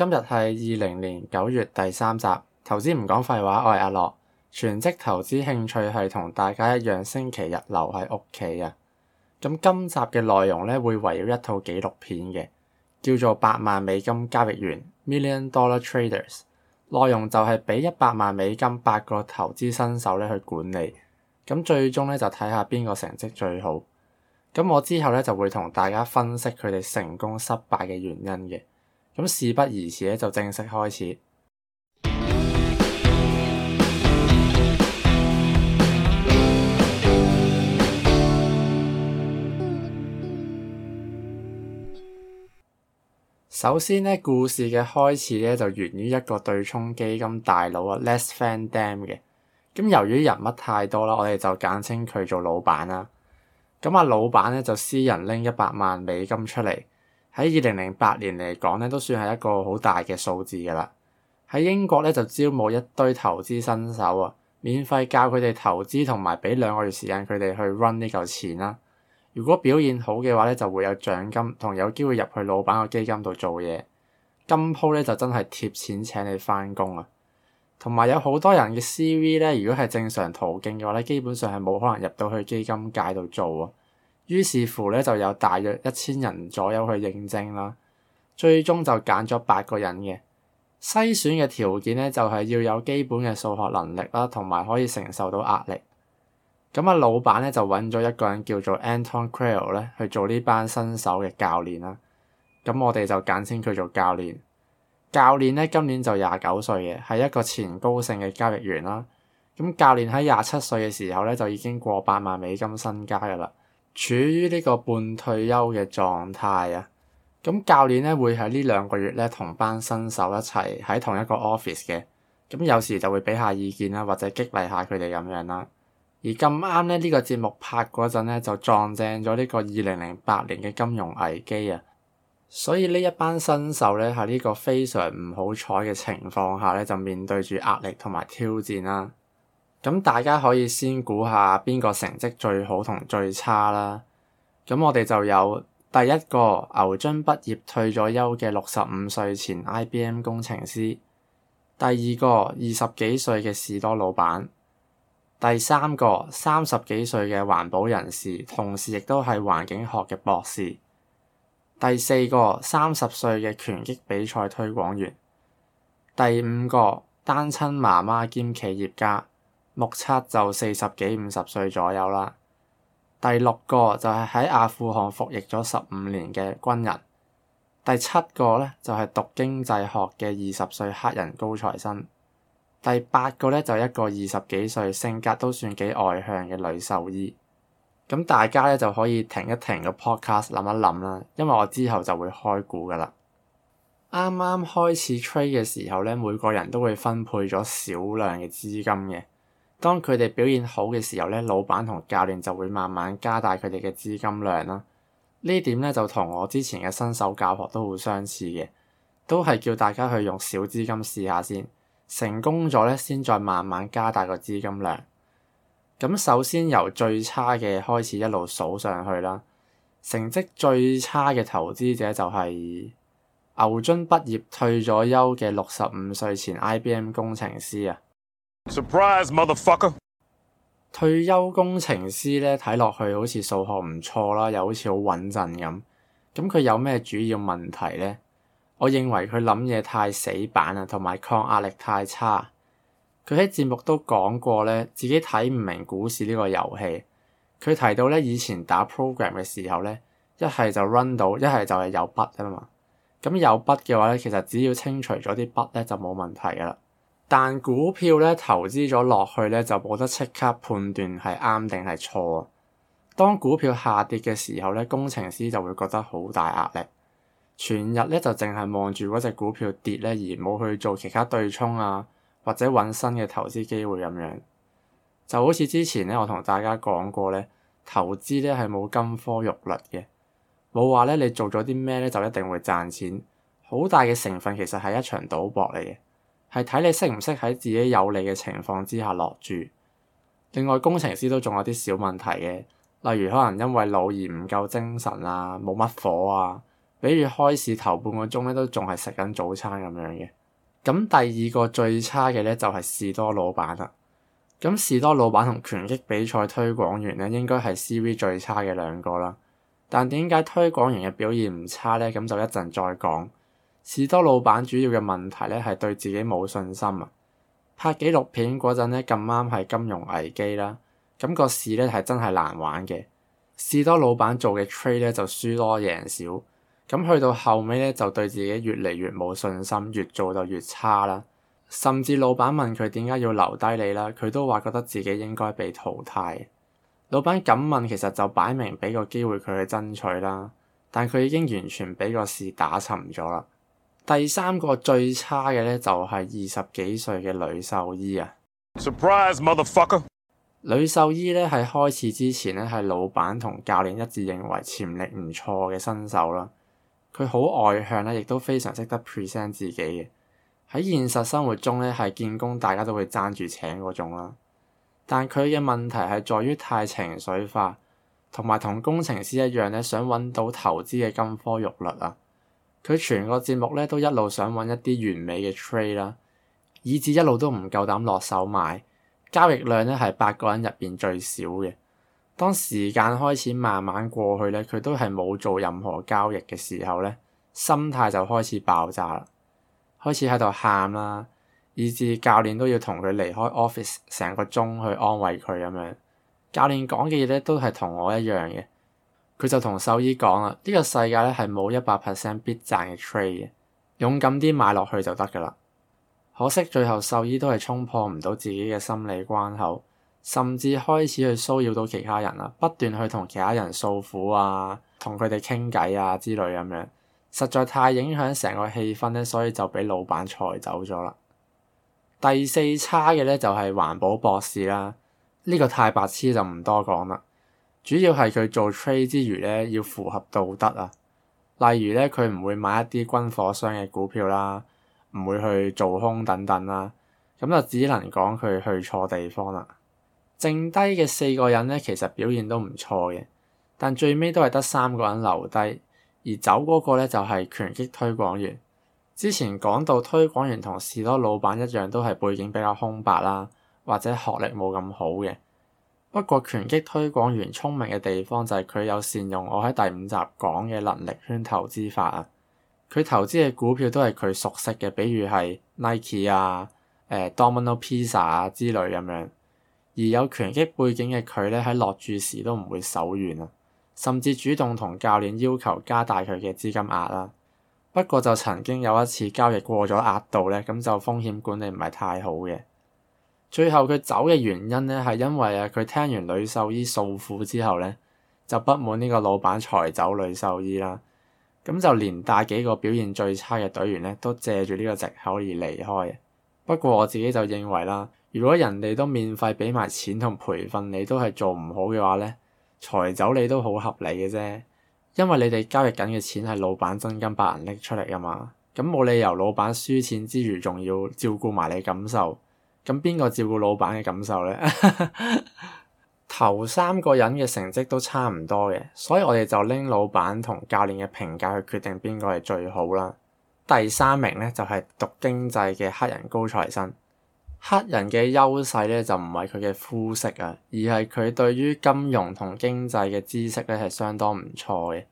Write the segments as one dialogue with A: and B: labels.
A: 今日係二零年九月第三集，投資唔講廢話，我係阿樂，全職投資興趣係同大家一樣，星期日留喺屋企啊。咁今集嘅內容咧會圍繞一套紀錄片嘅，叫做《百萬美金交易員》（Million Dollar Traders）。內容就係畀一百萬美金八個投資新手咧去管理，咁最終咧就睇下邊個成績最好。咁我之後咧就會同大家分析佢哋成功失敗嘅原因嘅。咁事不宜遲咧，就正式開始。首先呢，故事嘅開始咧就源於一個對沖基金大佬啊，Lex van Dam 嘅。咁由於人物太多啦，我哋就簡稱佢做老闆啦。咁啊，老闆咧就私人拎一百萬美金出嚟。喺二零零八年嚟講咧，都算係一個好大嘅數字噶啦。喺英國咧就招募一堆投資新手啊，免費教佢哋投資同埋俾兩個月時間佢哋去 run 呢嚿錢啦啊。如果表現好嘅話咧，就會有獎金同有機會入去老闆個基金度做嘢。今鋪咧就真係貼錢請你翻工啊，同埋有好多人嘅 CV 咧，如果係正常途徑嘅話咧，基本上係冇可能入到去基金界度做啊。於是乎咧，就有大約一千人左右去應徵啦。最終就揀咗八個人嘅篩選嘅條件咧，就係要有基本嘅數學能力啦，同埋可以承受到壓力。咁啊，老闆咧就揾咗一個人叫做 Anton Kreil 咧去做呢班新手嘅教練啦。咁我哋就簡稱佢做教練。教練咧今年就廿九歲嘅，係一個前高盛嘅交易員啦。咁教練喺廿七歲嘅時候咧就已經過八萬美金身家噶啦。處於呢個半退休嘅狀態啊，咁教練咧會喺呢兩個月咧同班新手一齊喺同一個 office 嘅，咁有時就會俾下意見啦、啊，或者激勵下佢哋咁樣啦、啊。而咁啱咧呢，呢個節目拍嗰陣咧就撞正咗呢個二零零八年嘅金融危機啊，所以呢一班新手咧喺呢個非常唔好彩嘅情況下咧就面對住壓力同埋挑戰啦、啊。咁大家可以先估下邊個成績最好同最差啦。咁我哋就有第一個牛津畢業退咗休嘅六十五歲前 IBM 工程師，第二個二十幾歲嘅士多老闆，第三個三十幾歲嘅環保人士，同時亦都係環境學嘅博士，第四個三十歲嘅拳擊比賽推廣員，第五個單親媽媽兼企業家。目測就四十幾五十歲左右啦。第六個就係喺阿富汗服役咗十五年嘅軍人。第七個咧就係讀經濟學嘅二十歲黑人高材生。第八個咧就一個二十幾歲性格都算幾外向嘅女獸醫。咁大家咧就可以停一停個 podcast，諗一諗啦，因為我之後就會開估㗎喇。啱啱開始 trade 嘅時候咧，每個人都會分配咗少量嘅資金嘅。當佢哋表現好嘅時候咧，老闆同教練就會慢慢加大佢哋嘅資金量啦。呢點咧就同我之前嘅新手教學都好相似嘅，都係叫大家去用小資金試下先，成功咗咧先再慢慢加大個資金量。咁首先由最差嘅開始一路數上去啦，成績最差嘅投資者就係牛津畢業退咗休嘅六十五歲前 IBM 工程師啊。Surprise, Motherfucker. 退休工程師咧睇落去好似數學唔錯啦，又好似好穩陣咁。咁佢有咩主要問題呢？我認為佢諗嘢太死板啊，同埋抗壓力太差。佢喺節目都講過咧，自己睇唔明股市呢個遊戲。佢提到咧，以前打 program 嘅時候咧，一係就 run 到，一係就係有 bug 啊嘛。咁有 bug 嘅話咧，其實只要清除咗啲 bug 咧，就冇問題噶啦。但股票咧，投資咗落去咧，就冇得即刻判斷係啱定係錯。當股票下跌嘅時候咧，工程師就會覺得好大壓力，全日咧就淨係望住嗰隻股票跌咧，而冇去做其他對沖啊，或者揾新嘅投資機會咁樣。就好似之前咧，我同大家講過咧，投資咧係冇金科玉律嘅，冇話咧你做咗啲咩咧就一定會賺錢。好大嘅成分其實係一場賭博嚟嘅。係睇你識唔識喺自己有利嘅情況之下，下落注。另外，工程師都仲有啲小問題嘅，例如可能因為老而唔夠精神啦、啊，冇乜火啊。比如開市頭半個鐘咧，都仲係食緊早餐咁樣嘅。咁第二個最差嘅咧就係、是、士多老闆啦。咁士多老闆同拳擊比賽推廣員咧，應該係 CV 最差嘅兩個啦。但點解推廣員嘅表現唔差咧？咁就一陣再講。士多老闆主要嘅問題咧係對自己冇信心啊。拍紀錄片嗰陣咧咁啱係金融危機啦，咁個市咧係真係難玩嘅。士多老闆做嘅 trade 咧就輸多贏少，咁去到後尾咧就對自己越嚟越冇信心，越做就越差啦。甚至老闆問佢點解要留低你啦，佢都話覺得自己應該被淘汰。老闆噉問其實就擺明俾個機會佢去爭取啦，但佢已經完全俾個市打沉咗啦。第三個最差嘅咧就係二十幾歲嘅女獸醫啊！Surprise, Motherfucker！女獸醫咧喺開始之前咧係老闆同教練一致認為潛力唔錯嘅新手啦。佢好外向咧，亦都非常識得 present 自己。喺現實生活中咧係見工，大家都會爭住請嗰種啦。但佢嘅問題係在於太情緒化，同埋同工程師一樣咧，想揾到投資嘅金科玉律啊。佢全個節目咧都一路想揾一啲完美嘅 trade 啦，以至一路都唔夠膽落手買，交易量咧係八個人入邊最少嘅。當時間開始慢慢過去咧，佢都係冇做任何交易嘅時候咧，心態就開始爆炸啦，開始喺度喊啦，以至教練都要同佢離開 office 成個鐘去安慰佢咁樣。教練講嘅嘢咧都係同我一樣嘅。佢就同獸醫講啦，呢個世界咧係冇一百 percent 必賺嘅 trade 嘅，勇敢啲買落去就得噶啦。可惜最後獸醫都係衝破唔到自己嘅心理關口，甚至開始去騷擾到其他人啦，不斷去同其他人訴苦啊，同佢哋傾偈啊之類咁樣，實在太影響成個氣氛咧，所以就俾老闆裁走咗啦。第四差嘅咧就係環保博士啦，呢個太白痴就唔多講啦。主要係佢做 trade 之餘咧，要符合道德啊。例如咧，佢唔會買一啲軍火商嘅股票啦，唔會去做空等等啦、啊。咁就只能講佢去錯地方啦。剩低嘅四個人咧，其實表現都唔錯嘅，但最尾都係得三個人留低，而走嗰個咧就係、是、拳擊推廣員。之前講到推廣員同士多老闆一樣，都係背景比較空白啦、啊，或者學歷冇咁好嘅。不過拳擊推廣員聰明嘅地方就係佢有善用我喺第五集講嘅能力圈投資法啊，佢投資嘅股票都係佢熟悉嘅，比如係 Nike 啊、誒、欸、Domino Pizza 啊之類咁樣。而有拳擊背景嘅佢咧喺落注時都唔會手軟啊，甚至主動同教練要求加大佢嘅資金額啦、啊。不過就曾經有一次交易過咗額度咧，咁就風險管理唔係太好嘅。最後佢走嘅原因咧，係因為啊，佢聽完女獸醫訴苦之後咧，就不滿呢個老闆裁走女獸醫啦。咁就連帶幾個表現最差嘅隊員咧，都借住呢個藉口而離開。不過我自己就認為啦，如果人哋都免費俾埋錢同培訓，你都係做唔好嘅話咧，裁走你都好合理嘅啫。因為你哋交易緊嘅錢係老闆真金白銀拎出嚟㗎嘛，咁冇理由老闆輸錢之餘，仲要照顧埋你感受。咁邊個照顧老闆嘅感受呢？ 頭三個人嘅成績都差唔多嘅，所以我哋就拎老闆同教練嘅評價去決定邊個係最好啦。第三名呢，就係讀經濟嘅黑人高材生，黑人嘅優勢呢，就唔係佢嘅膚色啊，而係佢對於金融同經濟嘅知識呢，係相當唔錯嘅，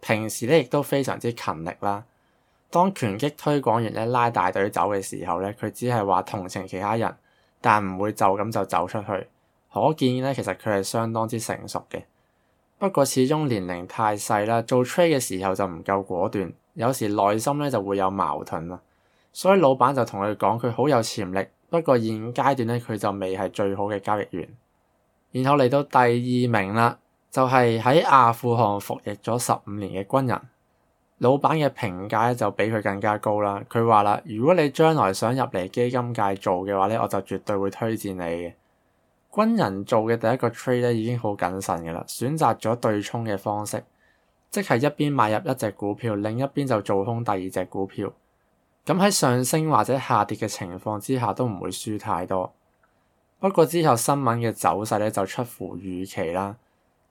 A: 平時呢，亦都非常之勤力啦。當拳擊推廣員咧拉大隊走嘅時候咧，佢只係話同情其他人，但唔會就咁就走出去。可見咧，其實佢係相當之成熟嘅。不過始終年齡太細啦，做 trade 嘅時候就唔夠果斷，有時內心咧就會有矛盾啦。所以老闆就同佢講，佢好有潛力，不過現階段咧佢就未係最好嘅交易員。然後嚟到第二名啦，就係喺阿富汗服役咗十五年嘅軍人。老闆嘅評價就比佢更加高啦。佢話啦：如果你將來想入嚟基金界做嘅話咧，我就絕對會推薦你嘅。軍人做嘅第一個 trade 咧已經好謹慎嘅啦，選擇咗對沖嘅方式，即係一邊買入一隻股票，另一邊就做空第二隻股票。咁喺上升或者下跌嘅情況之下都唔會輸太多。不過之後新聞嘅走勢咧就出乎預期啦。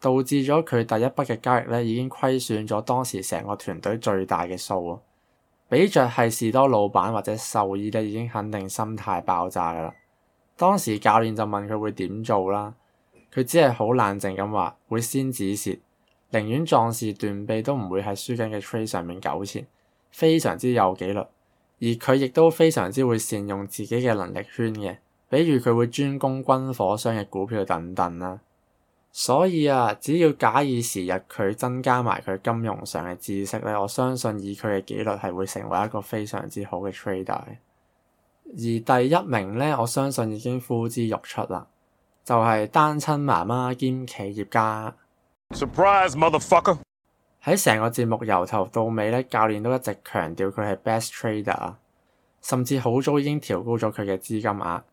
A: 導致咗佢第一筆嘅交易咧，已經虧損咗當時成個團隊最大嘅數啊！比着係士多老闆或者獸醫咧，已經肯定心態爆炸㗎啦。當時教練就問佢會點做啦，佢只係好冷靜咁話，會先止蝕，寧願壯士斷臂都唔會喺輸緊嘅 trade 上面糾纏，非常之有紀律。而佢亦都非常之會善用自己嘅能力圈嘅，比如佢會專攻軍火商嘅股票等等啦。所以啊，只要假以時日，佢增加埋佢金融上嘅知識咧，我相信以佢嘅紀律係會成為一個非常之好嘅 trader。而第一名咧，我相信已經呼之欲出啦，就係單親媽媽兼企業家。Surprise motherfucker！喺成個節目由頭到尾咧，教練都一直強調佢係 best trader，甚至好早已經調高咗佢嘅資金額，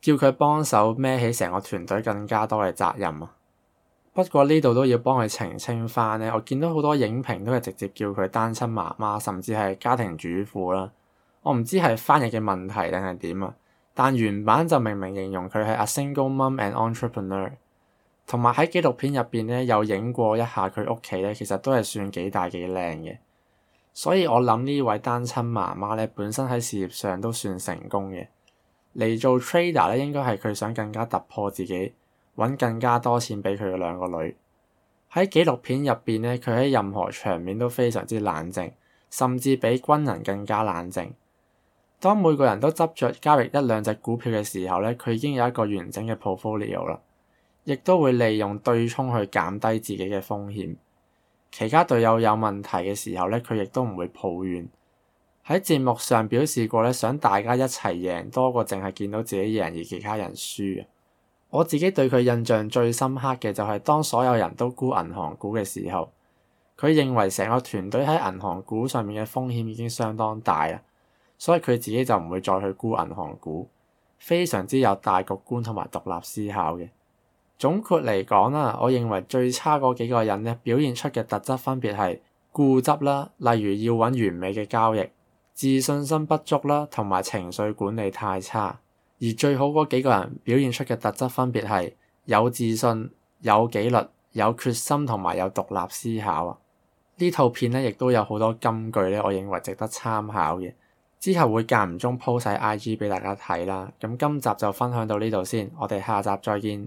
A: 叫佢幫手孭起成個團隊更加多嘅責任啊！不過呢度都要幫佢澄清翻咧，我見到好多影評都係直接叫佢單親媽媽，甚至係家庭主婦啦。我唔知係翻譯嘅問題定係點啊？但原版就明明形容佢係 A single mom and entrepreneur，同埋喺紀錄片入邊咧，有影過一下佢屋企咧，其實都係算幾大幾靚嘅。所以我諗呢位單親媽媽咧，本身喺事業上都算成功嘅，嚟做 trader 咧，應該係佢想更加突破自己。揾更加多錢俾佢嘅兩個女。喺紀錄片入邊咧，佢喺任何場面都非常之冷靜，甚至比軍人更加冷靜。當每個人都執着交易一兩隻股票嘅時候咧，佢已經有一個完整嘅 portfolio 啦。亦都會利用對沖去減低自己嘅風險。其他隊友有問題嘅時候咧，佢亦都唔會抱怨。喺節目上表示過咧，想大家一齊贏多過淨係見到自己贏而其他人輸啊！我自己對佢印象最深刻嘅就係當所有人都沽銀行股嘅時候，佢認為成個團隊喺銀行股上面嘅風險已經相當大啊，所以佢自己就唔會再去沽銀行股，非常之有大局觀同埋獨立思考嘅。總括嚟講啊，我認為最差嗰幾個人咧，表現出嘅特質分別係固執啦，例如要揾完美嘅交易、自信心不足啦，同埋情緒管理太差。而最好嗰幾個人表現出嘅特質分別係有自信、有紀律、有決心同埋有獨立思考啊！呢套片咧亦都有好多金句咧，我認為值得參考嘅。之後會間唔中 po 晒 IG 俾大家睇啦。咁今集就分享到呢度先，我哋下集再見。